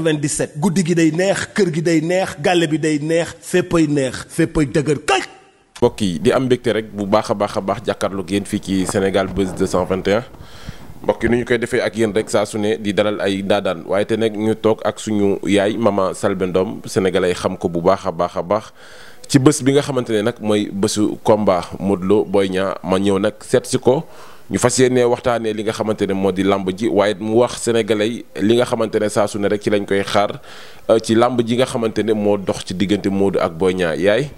97 guddi gi day neex kër gi day neex gàlle bi day neex féppay neex féppay dëgër kay mbokk yi di am mbégte rek bu baax a baax a baax jàkkaarloog yéen fii ci Sénégal Buzz 221 mbokk yi nu ñu koy defee ak yéen rek saa su ne di dalal ay daadaan waaye te nag ñu toog ak suñu yaay ma Selbé Ndom sénégalais xam ko bu baax a baax a baax ci bës bi nga xamante ne nag mooy bësu combat Modou Lo Boy ñaa ma ñëw nag seet si ko. ñu fas yéenee waxtaanee li nga xamante ne moo di làmb ji waaye mu wax sénégalais yi li nga xamante ne saa sune rek ci lañ koy xaar euh, ci làmb ji nga xamante ne moo dox ci diggante Modou ak Boy Niang yaay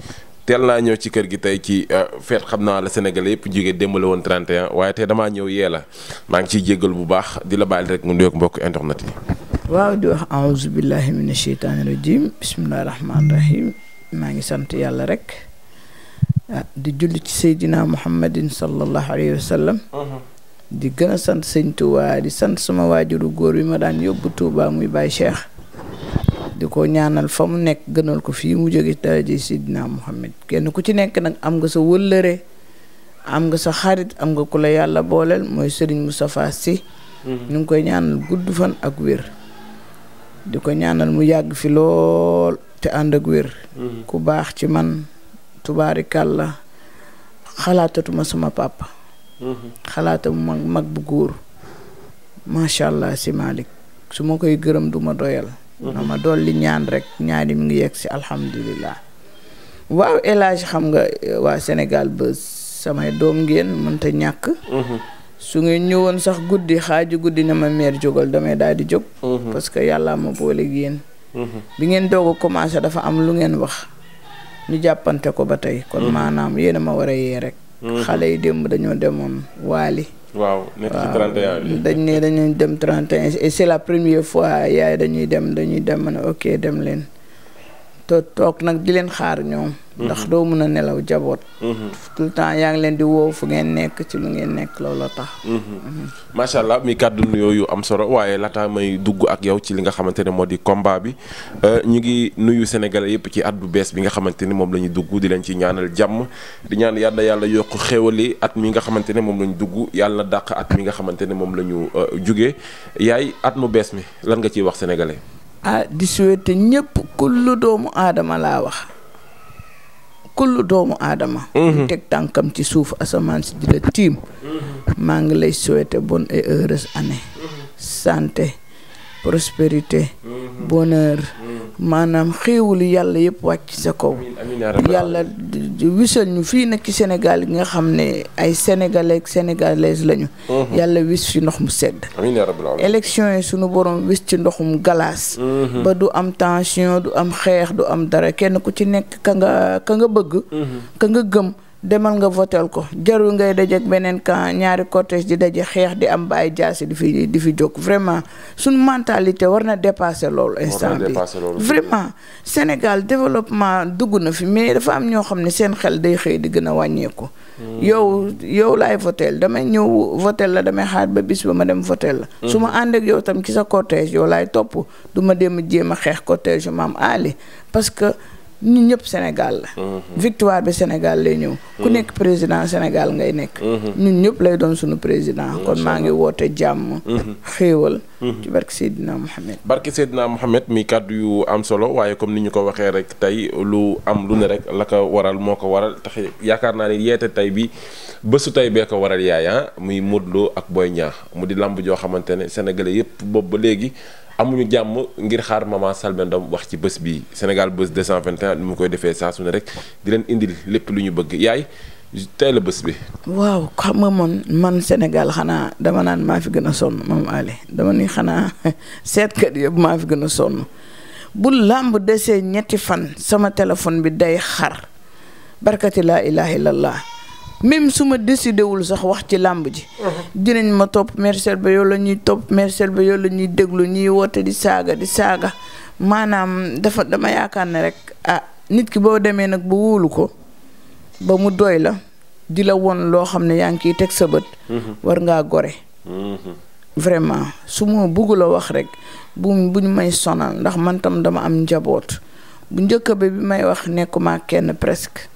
teel naa ñëw ci kër gi tey ci euh, feet xam naa la sénégalais yëpp jigéen démb la woon 31 waaye tey damaa ñëw yee la maa ngi ciy jéggal bu baax di la bàyyi rek mu nuyoog mbokk internet yi. waaw di wax aouzu billahi rajim bismillahi rahmaani rahim maa ngi sant yàlla rek. Ah, di julli ci seydina muhammadin sallallahu alayhi wa mm-hmm. di gën a sant sëñ Touba di sant sama waajuru góor bi ma daan yóbbu Touba muy Baye Cheikh di ko ñaanal fa mu nekk gënal ko fi mu jóge daraje seydina muhammad kenn ku ci nekk nag am nga sa wëllëre am nga sa xarit am nga ku la yàlla booleel mooy sëriñ Moustapha Sy mm-hmm. ñu ngi koy ñaanal gudd fan ak wér di ko ñaanal mu yàgg fi lool te ànd ak wér mm-hmm. ku baax ci man tubaarikàlla xalaatatuma sama papa. Mm-hmm. xalaatamu mag mag bu góor macha allah si Malick su ma koy gërëm duma doyal. Mm-hmm. na dolli ñaan rek ñaani mu ngi yegg si alhamdulilah. waaw El xam nga eh, waa Sénégal ba samay doom ngeen mënta ñàkk. Mm-hmm. su ngeen ñëwoon sax guddi xaaju guddi na ma meer jógal damay daal di jóg. parce que yàlla ma boole yéen. bi ngeen doog a dafa am lu ngeen wax. ñu jàppante ko ba tey kon mm. maanaam yéen a ma war a yee rek mm. xale yi démb dañoo demoon waali waaw nekk ci dañ ne dañuy dem 31 et c'est la première fois yaay dañuy dem dañuy dem ne ok dem leen te toog nag di leen xaar ñoom. Mm-hmm. ndax doo mun a nelaw jaboot. Mm-hmm. tout yaa ngi leen di woo fu ngeen nekk ci lu ngeen nekk looloo tax. Mm-hmm. macha allah mi kàddu nuyoo yu am solo waaye laata may dugg ak yow ci li nga xamante ne moo di combat bi euh, ñu ngi nuyu sénégalais yëpp ci at bu bees bi nga xamante ni moom la ñu dugg di leen ci ñaanal jàmm di ñaan yàlla yàlla yokk xéwali at mi nga xamante ne moom la ñu dugg yàlla dàq at mi nga xamante ne moom la ñu euh, jugee yaay at mu bees mi lan nga ciy wax sénégalais. ah di souhaiter ñëpp kullu doomu aadama laa wax kullu doomu aadama di mhm. teg tànkam ci suuf asamaan si di la tiim mhm. maa ngi lay souhaiter bonne et heureuse année mhm. santé prospérité bonheur maanaam xéewalu yàlla yëpp wàcc sa kaw yàlla wisal ñu fii nag ci Sénégal gi nga xam ne ay sénégalais ak lañu mhm. yàlla wis fi ndox mu sedd élection yi sunu borom wis ci ndoxum galaas mhm. ba du am tension du am xeex du am dara kenn ku ci nekk ka nga ka nga bëgg mhm. ka nga gëm demal nga votel ko jarul ngay dajeek beneen camp ñaari cortège di daje xeex di am ba ay jaasi di fi di fi jóg vraiment suñu mentalité war na dépasser loolu instant bi vraiment Sénégal développement dugg na fi mais dafa am ñoo xam ne seen xel day xëy di gën a wàññeeku hmm. yow yow laay votel damay ñëw votel la damay xaar ba bis ba ma dem votel la hmm. su ma ànd yow tam ci sa cortège yow laay topp du ma dem jéem a xeex cortège maam Ali parce ñun ñëpp Sénégal la. Mm-hmm. victoire bi Sénégal lay ñëw. ku mm-hmm. nekk président Sénégal ngay nekk. Mm-hmm. ñun ñëpp lay doon suñu président. kon maa ngi woote jàmm. xéewal. ci barke Seydina Mohamed. barke Seydina Mohamed mi kàddu yu am solo waaye comme ni ñu ko waxee rek tey lu am lu ne rek la ko waral moo ko waral tax yaakaar naa ne yeete tey bi bésu tey bee ko waral yaay ah muy Modou Lo ak Boy ñaax mu di làmb joo xamante ne sénégalais yëpp boobu ba léegi. amuñu jàmm ngir xaar maman Selbé Ndom wax ci bés bi Sénégal bés 221 ni mu koy defee saa su ne rek di leen indil lépp lu ñu bëgg yaay tey la bés bi. waaw xam nga man man Sénégal xanaa dama naan maa fi gën a sonn moom Ali dama ni xanaa seetkat yëpp maa fi gën a sonn bu làmb desee ñetti fan sama téléphone bi day xar barkati laa ilaaha illallah. même su ma décidé wul sax wax ci làmb ji. Uh-huh. dinañ ma topp Mercel ba yow la ñuy topp Mercel ba yow la ñuy déglu ñuy woote di saaga di saaga maanaam dafa dama yaakaar ne rek ah nit ki boo demee nag bu wóolu ko ba mu doy la di la won loo xam ne yaa ngi kiy teg sa bët. Uh-huh. war ngaa gore. Uh-huh. vraiment su ma bugg wax rek bu buñ may sonal ndax mantam dama am njaboot bu njëkk bi may wax nekkuma kenn presque.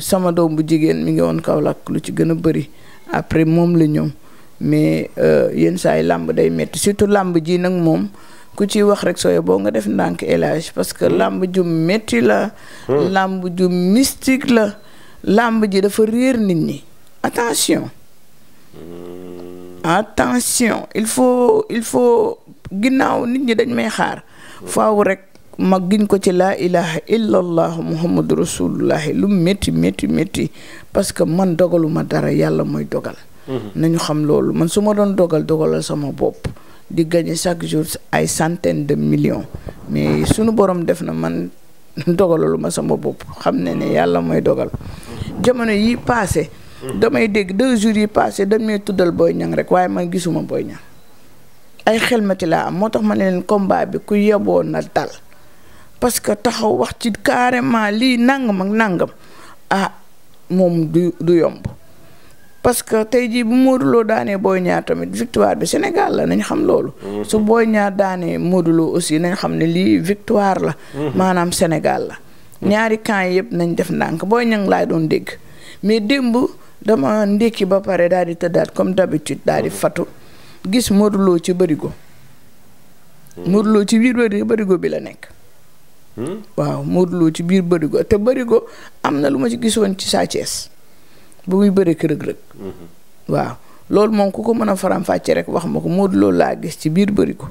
sama doom bu jigéen mi ngi woon Kaolack lu ci gën a bëri après moom la ñoom mais euh, yenn saa yi làmb day metti surtout làmb ji nag moom ku ciy wax rek sooye boo nga def ndànk élage parce que hmm. làmb ju metti la hmm. làmb ju mystique la làmb ji dafa réer nit ñi attention hmm. attention il faut il faut ginnaaw nit ñi dañ may xaar faaw rek mag giñ ko ci laa ilaha illallah muhammadu rasulullahi lu métti métti métti parce que man dogaluma dara yàlla mooy dogal mm-hmm. nañu xam loolu man su ma doon dogal dogalal sama bopp di gagné chaque jour ay centaines de million mais sunu borom def na man dogalalu ma sama bopp xam ne ne yàlla mooy dogal jamono yi passé mm-hmm. damay dégg deux jours yi passé dañ may tuddal booy Niang rek waaye man gisuma Boy Niang ay xelmati laa am moo tax ma ne leen combat bi ku yeboon na dal parce que taxaw wax ci carrément lii nangam ak nangam ah moom du du yomb parce que tey jii bu Modou Lo daanee Boy Niang tamit victoire bi Sénégal la nañ xam loolu. Mhm. su Boy Niang daanee Modou aussi nañ xam ne lii victoire la. Mhm. maanaam Sénégal la. ñaari camp yëpp nañ def ndànk Boy Niang laay doon dégg mais démb dama ndékki ba pare daal di tëddaat comme d'habitude daal di mhm. fatu gis Modou Lo ci bërigo. Modou Lo ci biir barigo bi la nekk. waaw Modou ci biir bërigo te bërigo am na lu ma ci gisoon ci Sa Thiès bu muy bëri kërëg rëg mm-hmm. waaw loolu moom ku ko mën a faram-fàcce rek wax ma ko Modou Lo laa gis ci biir bërigo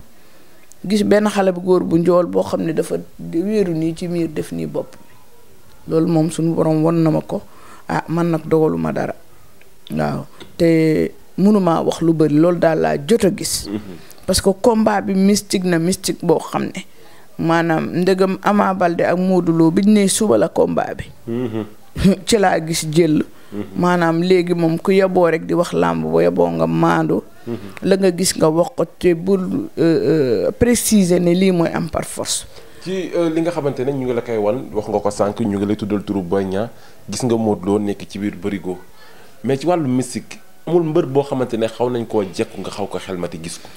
gis benn xale bu góor bu njool boo xam ne dafa wéeru nii ci miir def nii bopp loolu moom suñu borom won na ma ko ah man nag dogaluma dara waaw te mënumaa wax lu bëri loolu daal laa jot a gis mm-hmm. parce que combat bi mystique na mystique boo xam ne maanaam ndëgam Ama balde ak Modou bi ñu nee suba la combat bi. Mhm. ci laa gis jël. Mhm. maanaam léegi moom ku yaboo rek di wax làmb ba yaboo nga maandu. Mhm. la nga gis nga wax ko te bul euh, euh, préciser ne lii mooy am par force. ci euh, li nga xamante ne ñu ngi la koy wan wax nga ko sànq ñu lay tuddal turu Boy Niang gis nga Modou Lo nekk ci biir bërigo mais ci wàllu mystique amul mbër boo xamante ne xaw nañ koo jekku nga xaw ko xel ma xelmati gis ko.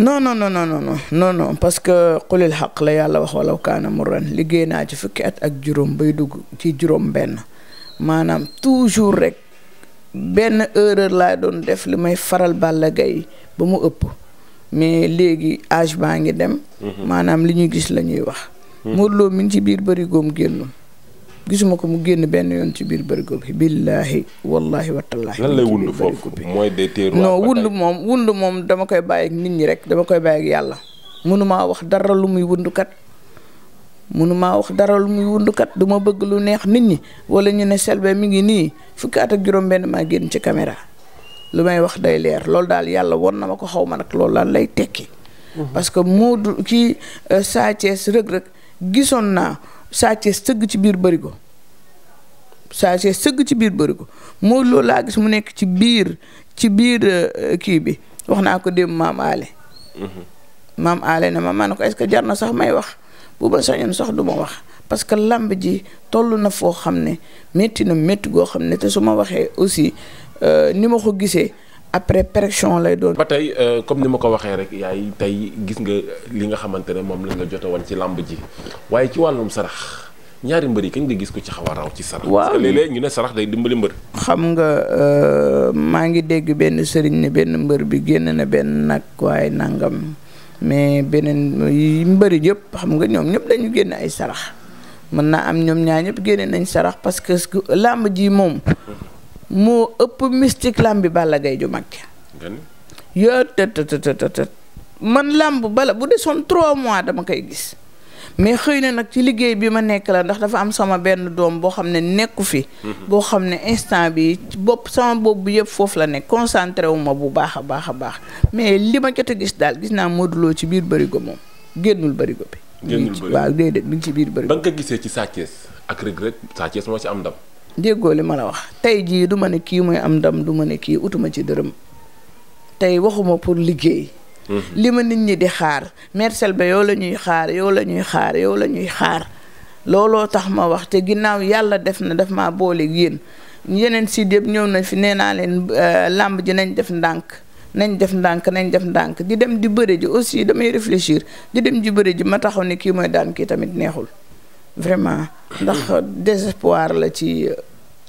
non no non no non non non parce que xulil xaq la yàlla wax walaw kaana mu ren liggéey naa ci fukki at ak juróom bay dugg ci juróom benn maanaam toujours rek benn erreur laa doon def li may faral Balla Gaye ba mu ëpp mais léegi âge baa ngi dem mhm. maanaam li ñuy gis la ñuy wax mhm. Modou Lo mi ngi ci biir bëri góom génnul gisuma ko mu génn benn yoon ci biir bërigo bi billaahi wallaahi watallaahi lan lay wund foofu mooy des terroirs non wund moom wund moom dama koy bàyyi nit ñi rek dama koy bàyyi ak yàlla mënumaa wax dara lu muy wundukat mënumaa wax dara lu muy wundukat du ma bëgg lu neex nit ñi wala ñu ne Selbé mi ngi nii fukki at ak juróom benn maa génn ci caméra lu may wax day leer loolu daal yàlla won na ma ko xaw ma nag lool daal lay tekki mhm. parce que Modou kii euh, Sa Thiès Reug gisoon naa Sa Thiès sëgg ci biir bërigo Sa Thiès sëgg ci biir bërigo Modou Lo laa gis mu nekk ci biir ci biir euh, kii bi wax naa ko dem maam aale mhm. maam aale na ma maa ne ko est-ce jar na sax may wax bu ba sañoon sax du ma wax parce que làmb ji toll na foo xam ne métti na métti goo xam ne te su ma waxee aussi euh, ni ma ko gisee après pression lay doon. ba tey euh, comme ni ma ko waxee rek yaay tey gis nga li nga xamante ne moom la nga jote woon ci làmb ji waaye ci wàllum sarax ñaari mbër yi kañ nga gis ko ci xaw a raw ci sarax. waaw léeg-léeg ñu ne sarax day dimbali mbër. nga euh, maa ngi dégg benn sëriñ ne benn mbër bi génn na benn nag waaye nangam mais beneen yi mbëri yëpp xam nga ñoom ñëpp dañu génn ay sarax mën naa am ñoom ñaa ñëpp génne nañ sarax parce que làmb ji moom. moo ëpp mystique làmbi Balla gay ju mag yoo man làmb bala bu desoon trois mois dama koy gis mais xëy na nag ci liggéey bi ma nekk la ndax dafa am sama benn doom boo xam ne nekku fi mhm. boo xam ne instant bi bopp sama bopp bi yëpp foofu la nekk concentré wu ma bu baax a baax a baax mais li ma jot a gis daal gis naa Modou Lo ci biir bërigo moom génnul bërigo bi génnul bërigo waaw déedéet mi ngi ci biir bërigo ba nga gisee ci Sa Thiès ak Reug Reug Sa moo ci am ndam déggoo li ma la wax tey jii du ma ne kii mooy am ndam du ma ne kii utuma ci dërëm tey waxuma pour liggéey. Mhm. li ma nit ñi di xaar Maître Selbé yow la ñuy xaar yow la ñuy xaar yow ñuy xaar looloo tax ma wax te ginnaaw yàlla def na daf ma boole génn yeneen siit yëpp ñëw nañ fi nee naa leen euh, làmb ji nañ def ndànk nañ def ndànk nañ def ndànk di dem di bëre ji aussi damay réfléchir di dem di bëre ji ma taxaw ne kii mooy daan kii tamit neexul. vraiment ndax désespoir la ci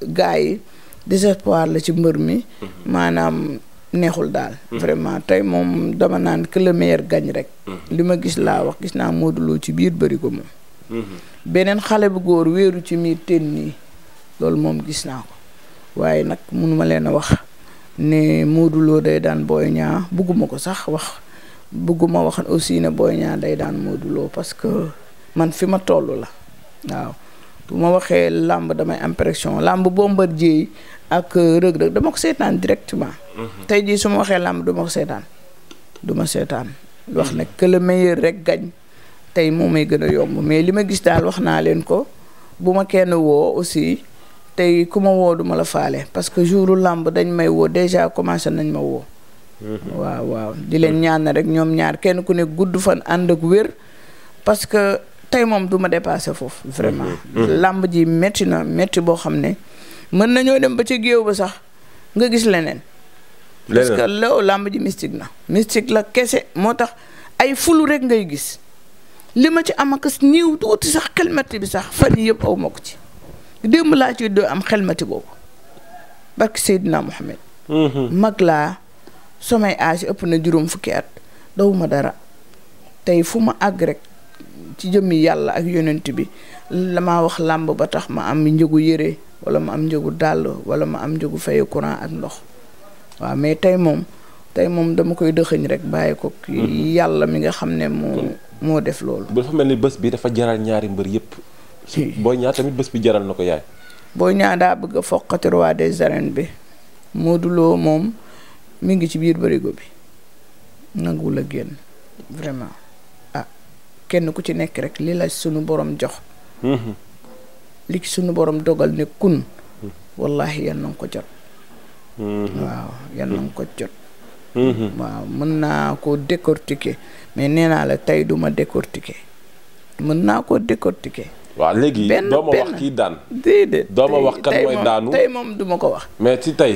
gars yi désespoir la ci mbër mi maanaam neexul daal vraiment tey moom dama naan que le meilleur rek li ma gis laa wax gis naa mooduloo ci biir bëri ko moom beneen xale bu góor wéeru ci miir ten nii loolu moom gis naa ko waaye nag munuma leen a wax ne Modou day daan Boy ñaa bugguma ko sax wax bugguma wax aussi ne Boy Niang day daan mooduloo Lo parce que man fi ma toll la waaw bu ma waxee làmb damay impression làmb boo Bombardier ak Reug Reug dama ko seetaan directement. Mhm. tey jii su ma waxee làmb du ko seetaan du ma seetaan. wax mhm. ne que le rek gañ tey moo may gën a yomb mais li ma gis daal wax naa leen ko bu ma kenn woo aussi tey ku ma woo duma la faale parce que jouru làmb dañ may woo déjà commencé nañ ma woo. Mhm. waaw waaw di leen ñaan rek ñoom ñaar kenn ku ne gudd fan ànd ak wér parce tey moom du ma dépassé foofu vraiment mm-hmm. Mm-hmm. làmb ji metti na métti boo xam ne mën nañoo dem ba ci géew ba sax nga gis leneen parce que làmb ji mystique na mystique la kese moo tax ay fulu rek ngay gis li ma ci am ak niiw tuuti sax xelmati bi sax fan yi yëpp aw ma ko ci démb laa ci doo am xelmati boobu barke Seydina Mohamed mm-hmm. mag laa samay âge ëpp na juróom fukki at ma dara tey fu ma àgg rek ci jëmmi yàlla ak yonent bi la ma wax làmb ba tax ma am njëgu yére wala ma am njëgu dàll wala ma am njëgu fayu courant ak ndox waaw mais tey moom tey moom dama koy dëxëñ rek bàyyi ko. Hmm. yàlla mi nga xam ne moo moo def loolu. bu dafa mel ni bés bi dafa jaral ñaari mbër yëpp. booy ñaar tamit bés bi jaral na ko yaay. booy ñaar daa bëgg a foqati roi des bi. moo duloo moom mi ngi ci biir barigo bi nanguwul a génn kenn ku ci nekk rek li la sunu borom jox. Mhm. li ci sunu borom dogal ne kun. Mhm. wallahi yal na ko jot. Mhm. waaw yal na ko jot. waaw mën naa koo décortiquer mais nee naa la tey du ma décortiquer mën naa koo décortiquer. waaw léegi doo ma wax kii daan déedéet doo ma wax kan mooy daanu tey moom du ko wax. mais ci tey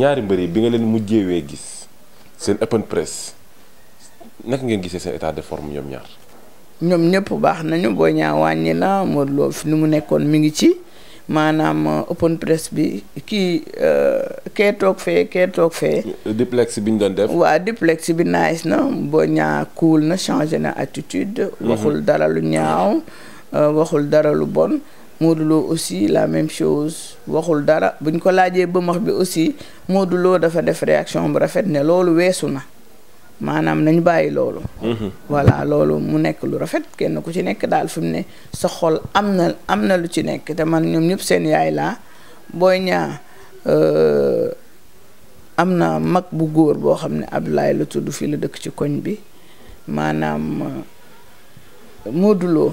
ñaari mbër yi bi nga leen mujjeewee gis seen open press naka ngeen gisee seen état de forme ñoom ñaar. ñoom ñëpp baax nañu boo ñaa wàññi na Modou fi ni mu nekkoon mu ngi ci maanaam uh, open press bi kii uh, kee toog fee kee toog fee. duplex bi ñu doon def. waaw duplex bi nice na boo ñaa cool na changé na attitude. Mhm. waxul dara lu ñaaw uh, waxul dara lu bon. Modou aussi la même chose waxul dara buñ ko laajee bëmax bi aussi Modou dafa def réaction bu rafet ne loolu weesu na. maanaam nañ bàyyi loolu mhm. voilà loolu mu nekk lu rafet kenn ku ci nekk daal fi ne sa xol am na am na lu ci nekk te man ñoom ñëpp seen yaay laa booy ñaa euh, am na mag bu góor boo xam ne Abdoulaye la tudd fii la dëkk ci koñ bi maanaam euh, mooduloo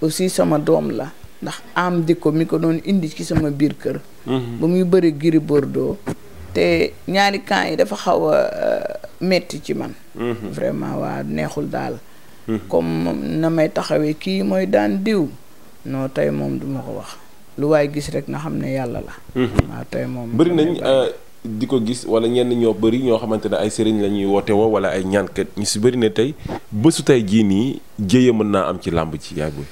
aussi sama doom la ndax am di ko mi ko doon indi ci sama biir kër mhm. ba muy bëri Gris Bordeaux te ñaari camp yi dafa xaw euh, metti ci man mm-hmm. vraiment waa neexul daal mm-hmm. comme na may taxawee kii mooy daan diw noo tey moom duma ko wax lu waaye gis rek nga xam ne yàlla la mm-hmm. waaw tey moom bëri nañ euh, di ko gis wala ñenn ñoo bëri ñoo xamante ne ay sëriñ la ñuy woote woo wala ay ñaankat ñu si bari ne tey bësu tey jii nii jéeya mën naa am ci làmb ci yaay booy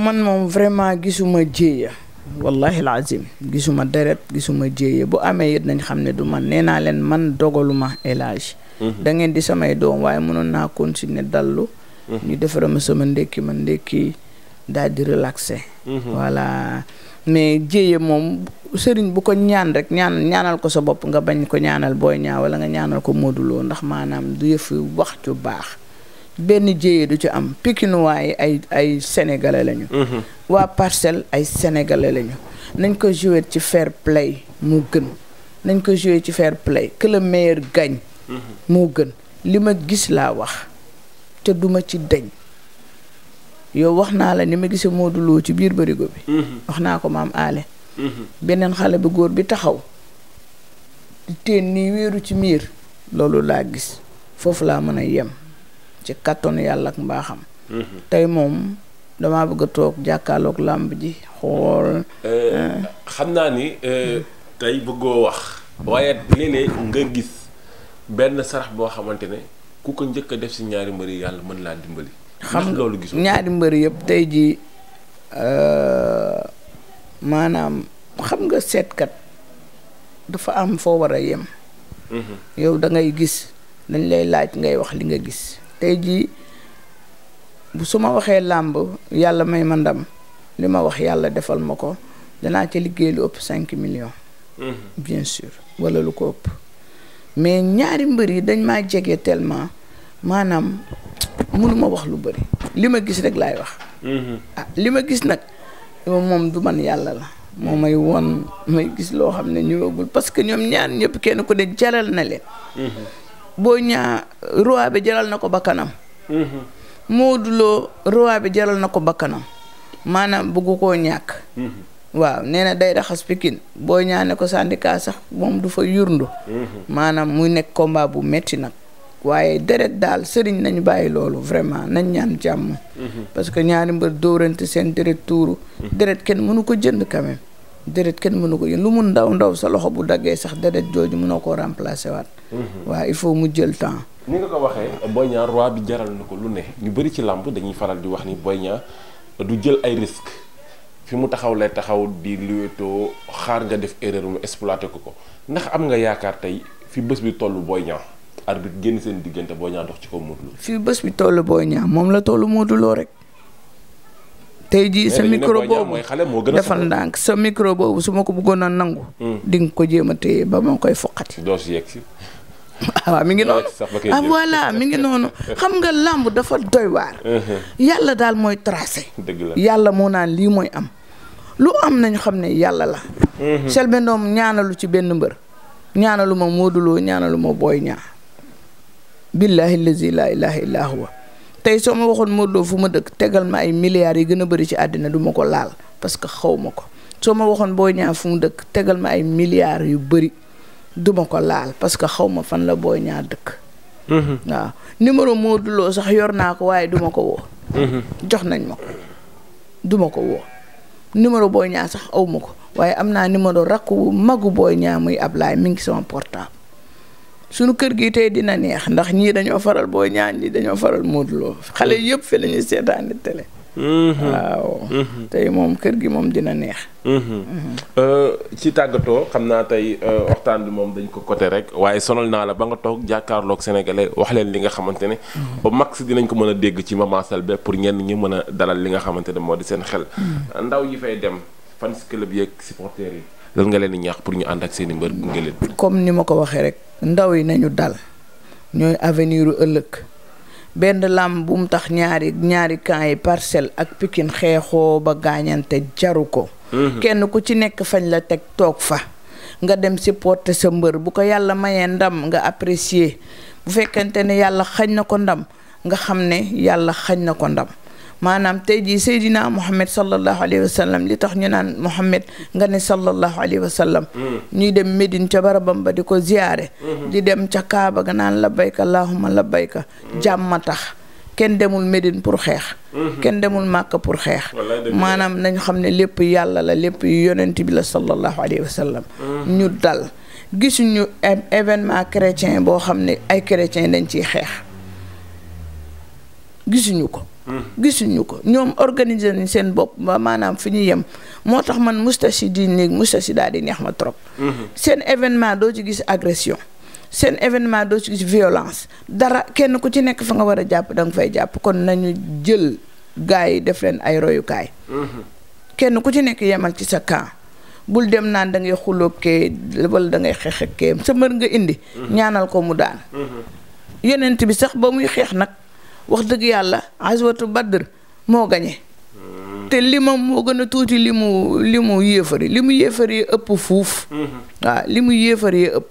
man moom vraiment gisuma jéeya wallahi alazim gisuma deret gisuma jéeye bu amee it nañ xam ne du man nee naa leen man dogaluma élage mhm. da ngeen di samay doom waaye mënoon naa continuer dallu mhm. ñu defara ma sama ndékki ma ndékki daal di relaxé mhm. voilà mais jéeye moom sëriñ bu ko ñaan rek ñaan ñaanal ko sa bopp nga bañ ko ñaanal booy ñaaw wala nga ñaanal ko mooduloo ndax maanaam du yëfi wax ju baax benn jéyee du ci am Pikinois ay ay sénégalais lañu. Mhm. waa Parcelles ay sénégalais lañu. nañ ko jouer ci fair play moo gën nañ ko jouer ci fair play que le mhm. moo gën li ma gis laa wax te duma ci deñ yow wax naa la ni ma gisee Modou Lo ci biir barigo bi. Mhm. wax naa ko maam aale beneen xale bu góor bi taxaw. di teen nii wéeru ci miir. loolu laa gis foofu laa mën a yem. ci kàttanu yàlla ak mbaaxam. Mm-hmm. tey moom damaa bëgg a toog jàkkaarloog làmb ji xool. Eh, eh. xam naa ni eh, tey bëggoo wax. waaye léeg-léeg nga gis benn sarax boo xamante ne ku ko njëkk a def si ñaari mbër yàlla mën laa dimbali. xam loolu gis ñaari mbër yëpp tey jii maanaam xam nga seetkat dafa am foo war a yem. Mm-hmm. yow da gis dañ lay laaj ngay wax li nga gis. tey jii bu su ma waxee làmb yàlla may ma ndam li ma wax yàlla defal ma ko danaa ca liggéey lu ëpp cinq million mhm. bien sûr wala lu ko ëpp. mais ñaari mbër yi dañ maa jege tellement maanaam mënuma wax lu bëri li ma gis rek laay wax. Mhm. ah li ma gis nag moom du man yàlla la. moo may won may gis loo xam ne ñëwagul parce que ñoom ñaar ñëpp kenn ko ne jaral na leen. Mhm. boo ñaa roi bi jaral na ko bakkanam mhm. Modou Lo roi bi jaral na ko bakkanam maanaam bëggu koo ñàkk mhm. waaw nee na day raxas pikin boo ñaane ko syndicat sax moom du fa yurndu mhm. maanaam muy nekk combat bu metti nag waaye deret daal sëriñ nañu bàyyi loolu vraiment nañ ñaan jàmm parce que ñaari mbër dóorante seen deret tuuru deret kenn mënu ko jënd quand deret kenn mënu ko jël lu mun ndaw ndaw sa loxo bu daggee sax deret jooju mënoo ko remplacer waat. Mhm. waa il faut mu jël temps. ni nga ko waxee Boy ñaar roi bi jaral na ko lu ne ñu bëri ci làmb dañuy faral di wax ni Boy Niang du jël ay risques fi mu taxaw lay taxaw di luweetoo xaar nga def erreur mu exploité ko ko ndax am nga yaakaar tey fi bés bi tollu Boy Niang arbitre génn seen diggante Boy Niang dox ci kaw Modou Lo. fi bés bi tollu Boy Niang moom la tollu Modou rek. tey jii sa micro boobu defal ndànk sa micro boobu su ma ko bëggoon a nangu. Hmm. di nga ko jéem a téye ba ma koy foqati. doo si yegg ah, mi ngi noonu ah voilà mi ngi noonu xam nga làmb dafa doy waar. Uh-huh. yàlla daal mooy tracé. dëgg yàlla moo naan lii mooy am. lu am nañu xam ne yàlla la. Uh-huh. Selbé Ndom ñaanalu ci benn mbër. ñaanalu ma Modou Lo ñaanalu ma Boy Niang. billaahi lazi laa ilaaha tey soo ma waxoon Modou Lo fu ma dëkk tegal ma ay milliards yi gën a bëri ci àddina du ma ko laal parce que xaw ma ko soo ma waxoon booy Niang fu mu dëkk tegal ma ay milliards yu bëri du ma ko laal parce que xaw ma fan la Boy ñaar dëkk. Mm-hmm. waaw numéro Modou sax yor naa ko waaye du ma ko woo. Mm-hmm. jox nañ ma ko du ma ko woo numéro Boy Niang sax aw ma ko waaye am naa numéro rakku magu Boy Niang muy Ablaye mi ngi sama portable. suñu kër gi tey dina neex ndax ñii dañoo faral boo Niang ñii dañoo faral Modou xale mm. yëpp fi la ñuy seetaani télé mm-hmm. waaw mm-hmm. tey moom kër gi moom dina neex mm-hmm. Euh, ci tàggatoo xam naa tey euh, waxtaan bi moom dañ ko côté rek waaye sonal naa la ba nga toog jàkkaarloog sénégalais wax leen li nga xamante ne ba max dinañ ko mën a dégg ci Mama Selbé pour ñenn ñi mën a dalal li nga xamante ne moo di seen xel ndaw yi fay dem fan fans club yeeg supporters yi lan nga leen di ñaax pour ñu ànd ak seen mbër gunge leen. comme ni ma ko waxee rek ndaw yi nañu dal ñooy avenir ëllëg benn làmb bu mu tax ñaari ñaari camp yi parcelle ak pikin xeexoo ba gaañante jaru ko. Mhm. kenn ku ci nekk fañ la teg toog fa. nga dem supporter sa mbër bu ko yàlla mayee ndam nga apprécier bu fekkente ne yàlla xañ na ko ndam nga xam ne yàlla xañ na ko ndam maanaam tey jii Seydina Mouhamed sallallahu alayhi wa sallam li tax ñu naan Mouhamed nga ne sallallahu alayhi wa sallam. Mm. ñuy dem Médine ca barabam ba di ko ziyaare. Mm-hmm. di dem ca Kaaba ga naan labbayka allahumma labbayka. Mm-hmm. jàmm tax kenn demul Médine pour xeex. Mm-hmm. kenn demul Màkka pour xeex. maanaam nañu xam ne lépp yàlla la lépp yonent bi la sallallahu alayhi wa sallam. ñu dal gisuñu événement chrétien boo xam ne ay chrétien dañ ciy xeex gisuñu ko. gisuñu ko ñoom organiser nañ seen bopp ba maanaam fi ñu yem moo tax man mustasi di néeg mustasi daal di neex ma trop mhm. seen événement doo ci gis agression seen événement doo ci gis violence dara kenn ku ci nekk fa nga war a jàpp da nga fay jàpp kon nañu jël gars yi def leen ay royukaay mhm. kenn ku ci nekk yemal ci sa camp bul dem naan da ngay xulóob kee wala da ngay xeex ak kee sa mër nga indi mhm. ñaanal ko mu daan yonent bi sax ba muy xeex nag wax dëgg yàlla aswatu badr moo gañe hmm. te limam moo gën a tuuti li mu li mu yéefar li mu yéefar yi ëpp fuuf hmm. waaw li mu yéefar yi ëpp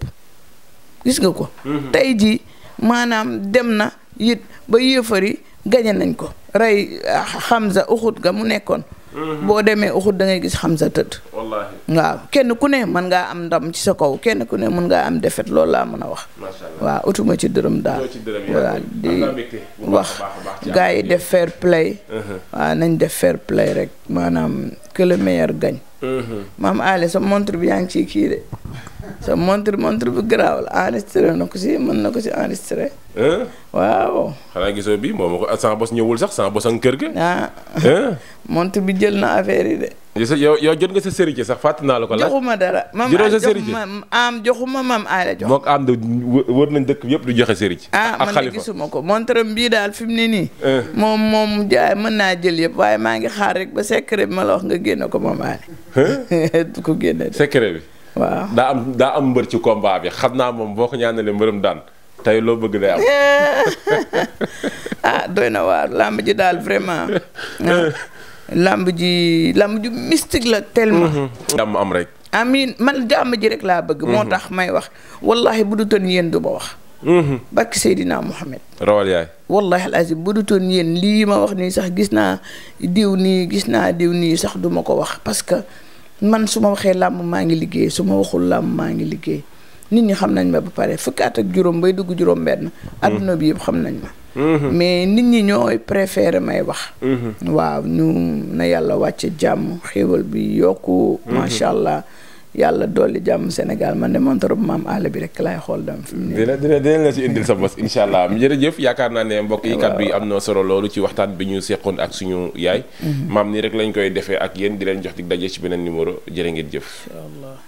gis nga ko hmm. tey ji maanaam dem na it ba yéefar yi gañe nañ ko rey ah, Hamza Uhud nga mu nekkoon Mhm. boo demee uxut da ngay gis Hamza tëdd. wallaahi waaw kenn ku ne mën ngaa am ndam ci sa kaw kenn ku ne mën ngaa am defet loolu laa mën a wax. waaw utuma ci dërëm daal. waaw di wax gars yi def fair play. Mhm. waaw nañ def fair play rek maanaam que le meilleur gagne. Mhm. maam sa montre bi yaa ngi kii de. sa montre montre bu garaaw la enregistré na ko si mën na ko si enregistré. waaw. xanaa gisoo bii moom ko sans bos ñëwul sax sans bos ak kër ga. ah. montre bi jël na affaire yi de. yow yow jot nga sa sëriñ sax fàtte naa la ko laaj. joxuma dara mam am joxuma mam aala jox. moog am de wër nañ dëkk yëpp du joxe sëriñ. ah man de gisuma ko montre bii daal fi mu ne nii. moom moom jaay mën naa jël yëpp waaye maa ngi xaar rek ba secret bi ma la wax nga génne ko mam aale. du ko génne de secret bi. waaw daa am daa am mbër ci combat bi xam naa moom boo ko ñaanalee mbërëm daan tey loo bëgg day am. ah doy na waar làmb ji daal vraiment. Ah, làmb ji làmb ji mystique la tellement. Mhm. am rek. amiin man jàmm ji rek laa bëgg. moo mhm. tax may wax wallahi bu du toon yéen du wax. Mhm. bakki Seydina Mohamed. rawal yaay. wallahi alazim bu du toon yéen lii ma wax nii sax gis naa diw nii gis naa diw nii sax du ko wax parce man su ma waxee làmb maa ngi liggéey su ma waxul làmb maa ngi liggéey nit ñi xam nañ ma ba pare fukki at ak juróom bay dugg juróom benn mm-hmm. adduna bi yëpp xam nañ ma mm-hmm. mais nit ñi ñooy préféré may wax mm-hmm. waaw ñu na yàlla wàcce jàmm xéewal bi yokku macha allah yàlla dolli jàmm Sénégal man de montar bu maam àll bi rek laay xool dam fi mu dina dina dina la ci indil sa bos incha allah jërëjëf yaakaar naa ne mbokk yi am na solo loolu ci waxtaan bi ñu seqoon ak suñu yaay mm-hmm. maam nii rek lañ koy defee ak yéen di leen jox dig daje ci beneen numéro jërë ngeen jëf